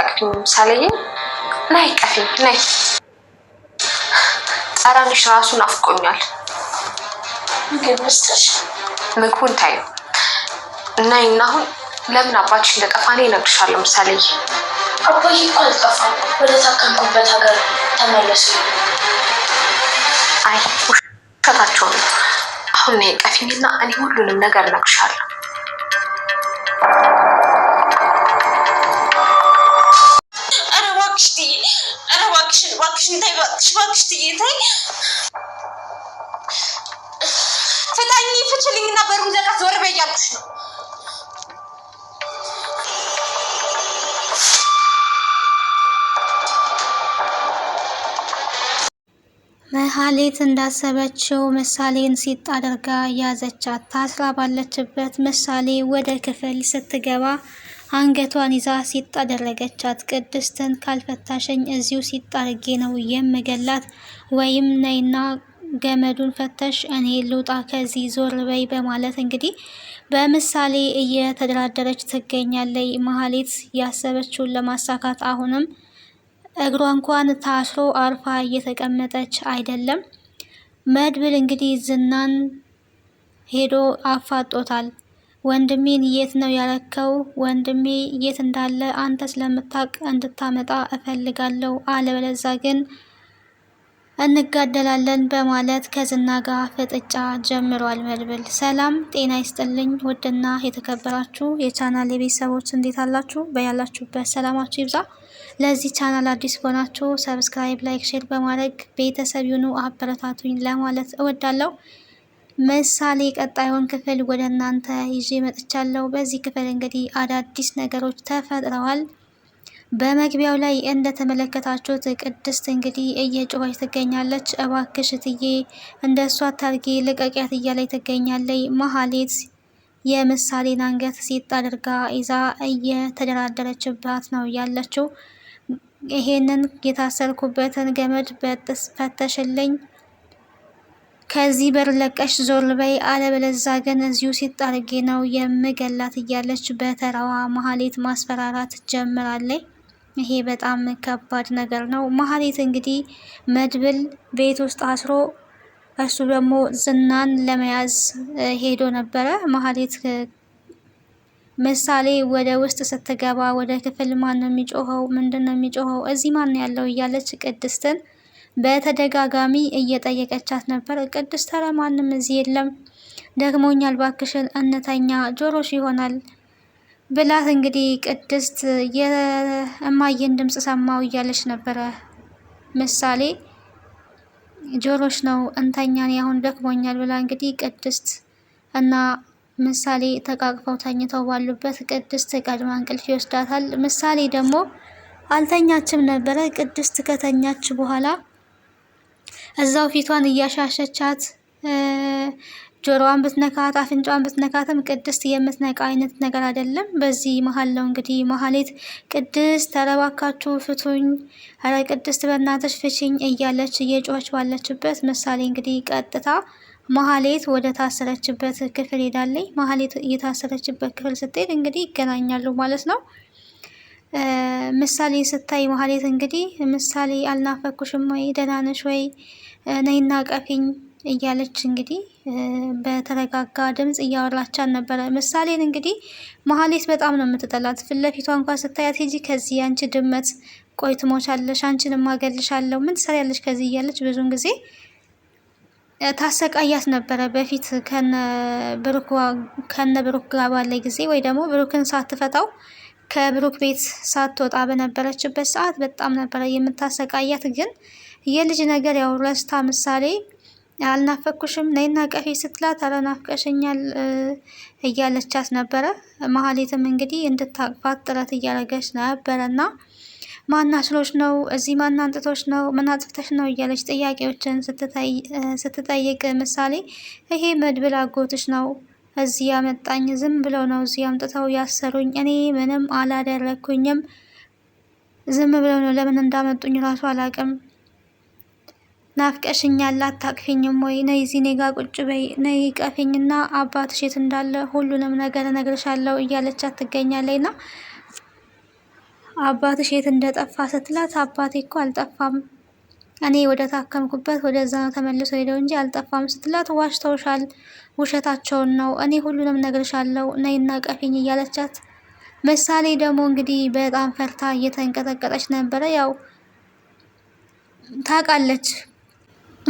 አታውቂኝም ሳለኝ ናይ ቀፊ ናይ ጠረንሽ ራሱ ናፍቆኛል። ምግቡን ታዩ ናይ እና አሁን ለምን አባትሽ እንደጠፋኔ እነግርሻለሁ ምሳሌዬ። አባዬ እኮ አልጠፋም፣ ወደ ታከምኩበት ሀገር ተመለሱ። አይ ውሸታቸው ነው። አሁን ናይ ቀፊኝና እኔ ሁሉንም ነገር እነግርሻለሁ። እባክሽን እባክሽን ተይ እባክሽ እባክሽ ትዬ ተይ ፍታኝ ፍችልኝ እና በሩን ዘጋት ዞር በይ እያልኩሽ ነው መሀሌት እንዳሰበችው ምሳሌን ሲጥ አድርጋ ያዘቻት ታስራ ባለችበት ምሳሌ ወደ ክፍል ስትገባ አንገቷን ይዛ ሲጥ አደረገቻት። ቅድስትን ካልፈታሸኝ እዚሁ ሲጥ ነው የምገላት፣ ወይም ነይና ገመዱን ፈተሽ እኔ ልውጣ ከዚህ ዞር በይ በማለት እንግዲህ በምሳሌ እየተደራደረች ትገኛለች። መሀሌት ያሰበችውን ለማሳካት አሁንም እግሯ እንኳን ታስሮ አርፋ እየተቀመጠች አይደለም። መድብል እንግዲህ ዝናን ሄዶ አፋጦታል። ወንድሜን የት ነው ያረከው? ወንድሜ የት እንዳለ አንተ ስለምታቅ እንድታመጣ እፈልጋለሁ። አለበለዛ ግን እንጋደላለን በማለት ከዝና ጋር ፍጥጫ ጀምሯል። መድብል ሰላም ጤና ይስጥልኝ። ውድና የተከበራችሁ የቻናል የቤተሰቦች እንዴት አላችሁ? በያላችሁበት ሰላማችሁ ይብዛ። ለዚህ ቻናል አዲስ ከሆናችሁ ሰብስክራይብ፣ ላይክ፣ ሼር በማድረግ ቤተሰብ ይሁኑ አበረታቱኝ ለማለት እወዳለሁ። ምሳሌ ቀጣዩን ክፍል ወደ እናንተ ይዤ መጥቻለሁ። በዚህ ክፍል እንግዲህ አዳዲስ ነገሮች ተፈጥረዋል። በመግቢያው ላይ እንደተመለከታችሁት ቅድስት እንግዲህ እየጮኸች ትገኛለች። እባክሽ እትዬ እንደ እሷ አታርጊ ልቀቂያት እያለች ትገኛለች። መሀሌት የምሳሌን አንገት ሲጥ አድርጋ ይዛ እየተደራደረችባት ነው ያለችው። ይሄንን የታሰርኩበትን ገመድ በጥስ ፈተሽልኝ ከዚህ በር ለቀሽ ዞር በይ፣ አለበለዛ ግን እዚሁ ሲጣርጌ ነው የምገላት እያለች በተራዋ መሀሌት ማስፈራራት ጀምራለች። ይሄ በጣም ከባድ ነገር ነው። መሀሌት እንግዲህ መድብል ቤት ውስጥ አስሮ እሱ ደግሞ ዝናን ለመያዝ ሄዶ ነበረ። መሀሌት ምሳሌ ወደ ውስጥ ስትገባ ወደ ክፍል ማን ነው የሚጮኸው? ምንድን ነው የሚጮኸው? እዚህ ማን ያለው? እያለች ቅድስትን በተደጋጋሚ እየጠየቀቻት ነበር። ቅድስት ኧረ ማንም እዚህ የለም፣ ደክሞኛል፣ እባክሽን እንተኛ ጆሮሽ ይሆናል ብላት እንግዲህ ቅድስት የእማዬን ድምፅ ሰማው እያለች ነበረ። ምሳሌ ጆሮሽ ነው እንተኛን ያሁን ደክሞኛል ብላ እንግዲህ ቅድስት እና ምሳሌ ተቃቅፈው ተኝተው ባሉበት ቅድስት ቀድማ እንቅልፍ ይወስዳታል። ምሳሌ ደግሞ አልተኛችም ነበረ። ቅድስት ከተኛች በኋላ እዛው ፊቷን እያሻሸቻት ጆሮዋን ብትነካት አፍንጫዋን ብትነካትም ቅድስት የምትነቃ አይነት ነገር አይደለም። በዚህ መሀል ነው እንግዲህ መሀሌት ቅድስት ተረባካችሁ ፍቱኝ፣ ኧረ ቅድስት በእናትሽ ፍችኝ እያለች እየጮች ባለችበት ምሳሌ እንግዲህ ቀጥታ መሀሌት ወደ ታሰረችበት ክፍል ሄዳለች። መሀሌት የታሰረችበት ክፍል ስትሄድ እንግዲህ ይገናኛሉ ማለት ነው። ምሳሌ ስታይ መሀሌት እንግዲህ ምሳሌ አልናፈኩሽም ወይ ደህና ነሽ ወይ ነይና ቀፊኝ እያለች እንግዲህ በተረጋጋ ድምፅ እያወራቻን ነበረ። ምሳሌን እንግዲህ መሀሌት በጣም ነው የምትጠላት። ፊት ለፊቷ እንኳ ስታያት ሂጂ ከዚህ አንቺ ድመት፣ ቆይ ትሞቻለሽ፣ አንቺን ማገልሻለሁ፣ ምን ትሰሪያለሽ ከዚህ እያለች ብዙን ጊዜ ታሰቃያት ነበረ። በፊት ከነ ብሩክ ጋር ባለ ጊዜ ወይ ደግሞ ብሩክን ሳትፈታው ከብሩክ ቤት ሳትወጣ በነበረችበት ሰዓት በጣም ነበረ የምታሰቃያት። ግን የልጅ ነገር ያው ረስታ ምሳሌ አልናፈኩሽም ነይና ቀፊ ስትላት አለናፍቀሽኛል እያለቻት ነበረ። መሀሌትም እንግዲህ እንድታቅፋት ጥረት እያደረገች ነበረና ማን አስሎች ነው እዚህ ማን አንጥቶች ነው ምን አጥፍተሽ ነው እያለች ጥያቄዎችን ስትጠይቅ ምሳሌ ይሄ መድብል አጎትሽ ነው እዚህ ያመጣኝ ዝም ብለው ነው እዚህ አምጥተው ያሰሩኝ። እኔ ምንም አላደረግኩኝም። ዝም ብለው ነው ለምን እንዳመጡኝ ራሱ አላውቅም። ናፍቀሽኛል፣ አታቅፊኝም ወይ? ነይ እዚህ እኔ ጋ ቁጭ በይ፣ ነይ ቀፊኝና አባትሽ የት እንዳለ ሁሉንም ነገር እነግርሻለሁ እያለቻት ትገኛለች። ና አባትሽ የት እንደጠፋ ስትላት አባቴ እኮ አልጠፋም እኔ ወደ ታከምኩበት ወደዛ ነው ተመልሶ ሄደው እንጂ አልጠፋም ስትላት ዋሽተውሻል፣ ውሸታቸውን ነው፣ እኔ ሁሉንም ነግርሻለሁ፣ ነይና ቀፊኝ እያለቻት ምሳሌ ደግሞ እንግዲህ በጣም ፈርታ እየተንቀጠቀጠች ነበረ። ያው ታውቃለች።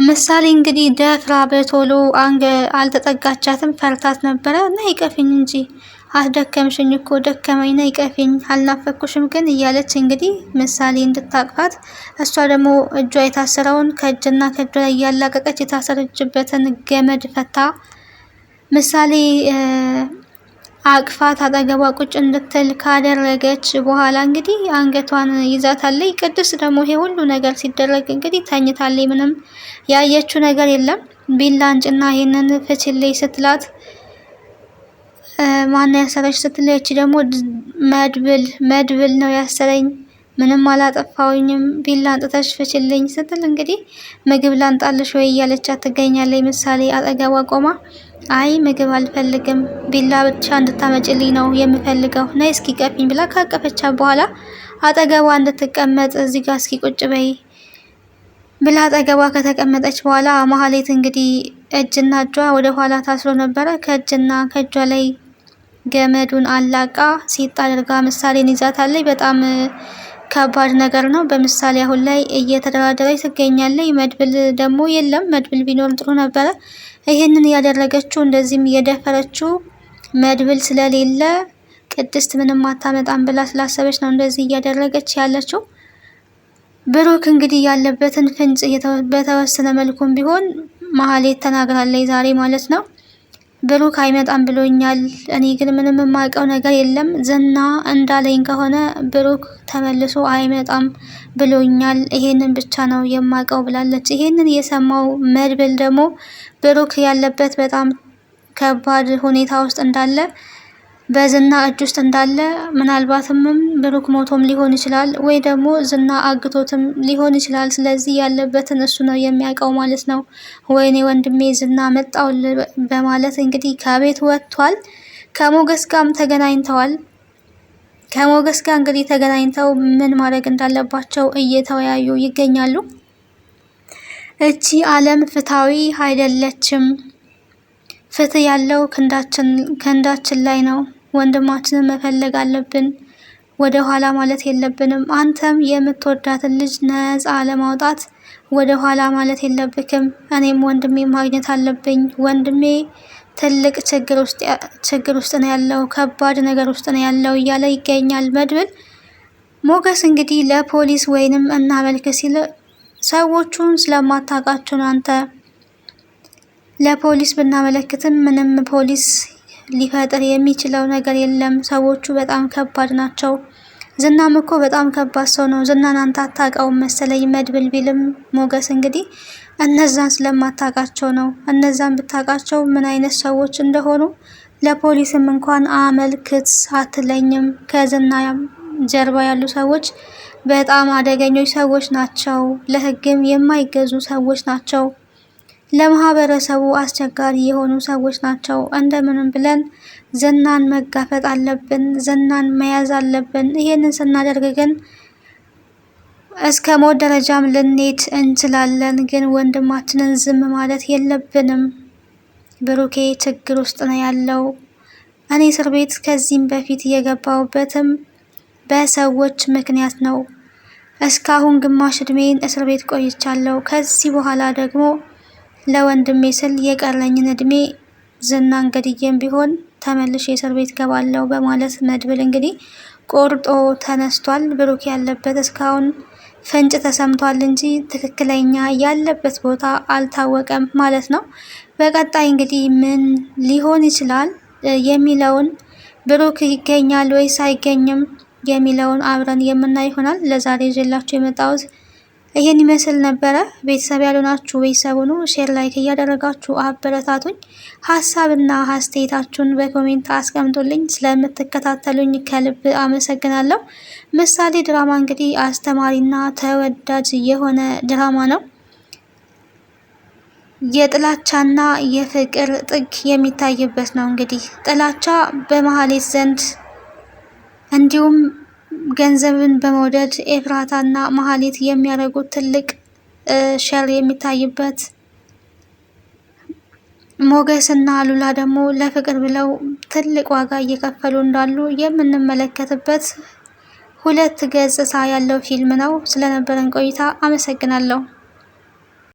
ምሳሌ እንግዲህ ደፍራ በቶሎ አንገ አልተጠጋቻትም፣ ፈርታት ነበረ። ነይ ቀፊኝ እንጂ አስደከምሽኝ እኮ ደከመኝና ይቀፊኝ አልናፈኩሽም ግን እያለች እንግዲህ ምሳሌ እንድታቅፋት እሷ ደግሞ እጇ የታሰረውን ከእጅና ከእጇ ላይ እያላቀቀች የታሰረችበትን ገመድ ፈታ። ምሳሌ አቅፋት አጠገቧ ቁጭ እንድትል ካደረገች በኋላ እንግዲህ አንገቷን ይዛታለች። ቅድስ ደግሞ ይሄ ሁሉ ነገር ሲደረግ እንግዲህ ተኝታለች። ምንም ያየችው ነገር የለም። ቢላ አንጭና ይህንን ፍችሌ ስትላት ማን ያሰረች ስትለች ደግሞ መድብል መድብል ነው ያሰረኝ፣ ምንም አላጠፋውኝም፣ ቢላ አንጥተሽ ፍችልኝ ስትል እንግዲህ ምግብ ላንጣልሽ ወይ እያለቻት ትገኛለች። ምሳሌ አጠገቧ ቆማ አይ ምግብ አልፈልግም፣ ቢላ ብቻ እንድታመጭልኝ ነው የምፈልገው፣ ነይ እስኪ ቀፊኝ ብላ ካቀፈቻ በኋላ አጠገቧ እንድትቀመጥ እዚህ ጋር እስኪ ቁጭ በይ ብላ አጠገቧ ከተቀመጠች በኋላ መሀሌት እንግዲህ እጅና እጇ ወደ ኋላ ታስሮ ነበረ። ከእጅና ከእጇ ላይ ገመዱን አላቃ ሲጥ አድርጋ ምሳሌን ይዛታለች። በጣም ከባድ ነገር ነው። በምሳሌ አሁን ላይ እየተደራደረች ትገኛለች። መድብል ደግሞ የለም፣ መድብል ቢኖር ጥሩ ነበረ። ይህንን እያደረገችው እንደዚህም እየደፈረችው መድብል ስለሌለ ቅድስት ምንም አታመጣም ብላ ስላሰበች ነው እንደዚህ እያደረገች ያለችው። ብሩክ እንግዲህ ያለበትን ፍንጭ በተወሰነ መልኩም ቢሆን መሀሌት ተናግራለች ዛሬ ማለት ነው። ብሩክ አይመጣም ብሎኛል። እኔ ግን ምንም የማውቀው ነገር የለም። ዝና እንዳለኝ ከሆነ ብሩክ ተመልሶ አይመጣም ብሎኛል። ይሄንን ብቻ ነው የማውቀው ብላለች። ይሄንን የሰማው መድብል ደግሞ ብሩክ ያለበት በጣም ከባድ ሁኔታ ውስጥ እንዳለ በዝና እጅ ውስጥ እንዳለ ምናልባትም ብሩክ ሞቶም ሊሆን ይችላል፣ ወይ ደግሞ ዝና አግቶትም ሊሆን ይችላል። ስለዚህ ያለበትን እሱ ነው የሚያውቀው ማለት ነው። ወይኔ ወንድሜ ዝና መጣው በማለት እንግዲህ ከቤት ወጥቷል። ከሞገስ ጋርም ተገናኝተዋል። ከሞገስ ጋር እንግዲህ ተገናኝተው ምን ማድረግ እንዳለባቸው እየተወያዩ ይገኛሉ። እቺ ዓለም ፍትሃዊ አይደለችም። ፍትህ ያለው ከንዳችን ክንዳችን ላይ ነው። ወንድማችንን መፈለግ አለብን። ወደ ኋላ ማለት የለብንም። አንተም የምትወዳትን ልጅ ነፃ ለማውጣት ወደ ኋላ ማለት የለብክም። እኔም ወንድሜ ማግኘት አለብኝ። ወንድሜ ትልቅ ችግር ውስጥ ነው ያለው፣ ከባድ ነገር ውስጥ ነው ያለው እያለ ይገኛል መድብል። ሞገስ እንግዲህ ለፖሊስ ወይንም እናመልክ ሲል ሰዎቹን ስለማታውቃቸውን አንተ ለፖሊስ ብናመለክትም ምንም ፖሊስ ሊፈጥር የሚችለው ነገር የለም። ሰዎቹ በጣም ከባድ ናቸው። ዝናም እኮ በጣም ከባድ ሰው ነው። ዝናን አንተ አታውቀውም መሰለኝ መድብል ቢልም ሞገስ እንግዲህ እነዛን ስለማታውቃቸው ነው። እነዛን ብታውቃቸው ምን አይነት ሰዎች እንደሆኑ ለፖሊስም እንኳን አመልክት አትለኝም። ከዝና ጀርባ ያሉ ሰዎች በጣም አደገኞች ሰዎች ናቸው። ለህግም የማይገዙ ሰዎች ናቸው። ለማህበረሰቡ አስቸጋሪ የሆኑ ሰዎች ናቸው። እንደምንም ብለን ዝናን መጋፈጥ አለብን፣ ዝናን መያዝ አለብን። ይህንን ስናደርግ ግን እስከ ሞት ደረጃም ልንሄድ እንችላለን። ግን ወንድማችንን ዝም ማለት የለብንም። ብሩኬ ችግር ውስጥ ነው ያለው። እኔ እስር ቤት ከዚህም በፊት የገባሁበትም በሰዎች ምክንያት ነው። እስካሁን ግማሽ እድሜን እስር ቤት ቆይቻለሁ። ከዚህ በኋላ ደግሞ ለወንድሜ ስል የቀረኝን እድሜ ዝና ገድዬም ቢሆን ተመልሽ የእስር ቤት ገባለው በማለት መድብል እንግዲህ ቆርጦ ተነስቷል። ብሩክ ያለበት እስካሁን ፍንጭ ተሰምቷል እንጂ ትክክለኛ ያለበት ቦታ አልታወቀም ማለት ነው። በቀጣይ እንግዲህ ምን ሊሆን ይችላል የሚለውን ብሩክ ይገኛል ወይስ አይገኝም የሚለውን አብረን የምናይ ይሆናል። ለዛሬ ይዤላችሁ የመጣሁት ይሄን ይመስል ነበረ። ቤተሰብ ያልሆናችሁ ቤተሰብ ሁኑ። ሼር ላይክ እያደረጋችሁ አበረታቱኝ። ሀሳብና አስተያየታችሁን በኮሜንት አስቀምጡልኝ። ስለምትከታተሉኝ ከልብ አመሰግናለሁ። ምሳሌ ድራማ እንግዲህ አስተማሪና ተወዳጅ የሆነ ድራማ ነው። የጥላቻና የፍቅር ጥግ የሚታይበት ነው። እንግዲህ ጥላቻ በመሀሌት ዘንድ እንዲሁም ገንዘብን በመውደድ ኤፍራታና መሀሌት የሚያደርጉት ትልቅ ሸር የሚታይበት ሞገስ እና አሉላ ደግሞ ለፍቅር ብለው ትልቅ ዋጋ እየከፈሉ እንዳሉ የምንመለከትበት ሁለት ገጽታ ያለው ፊልም ነው። ስለነበረን ቆይታ አመሰግናለሁ።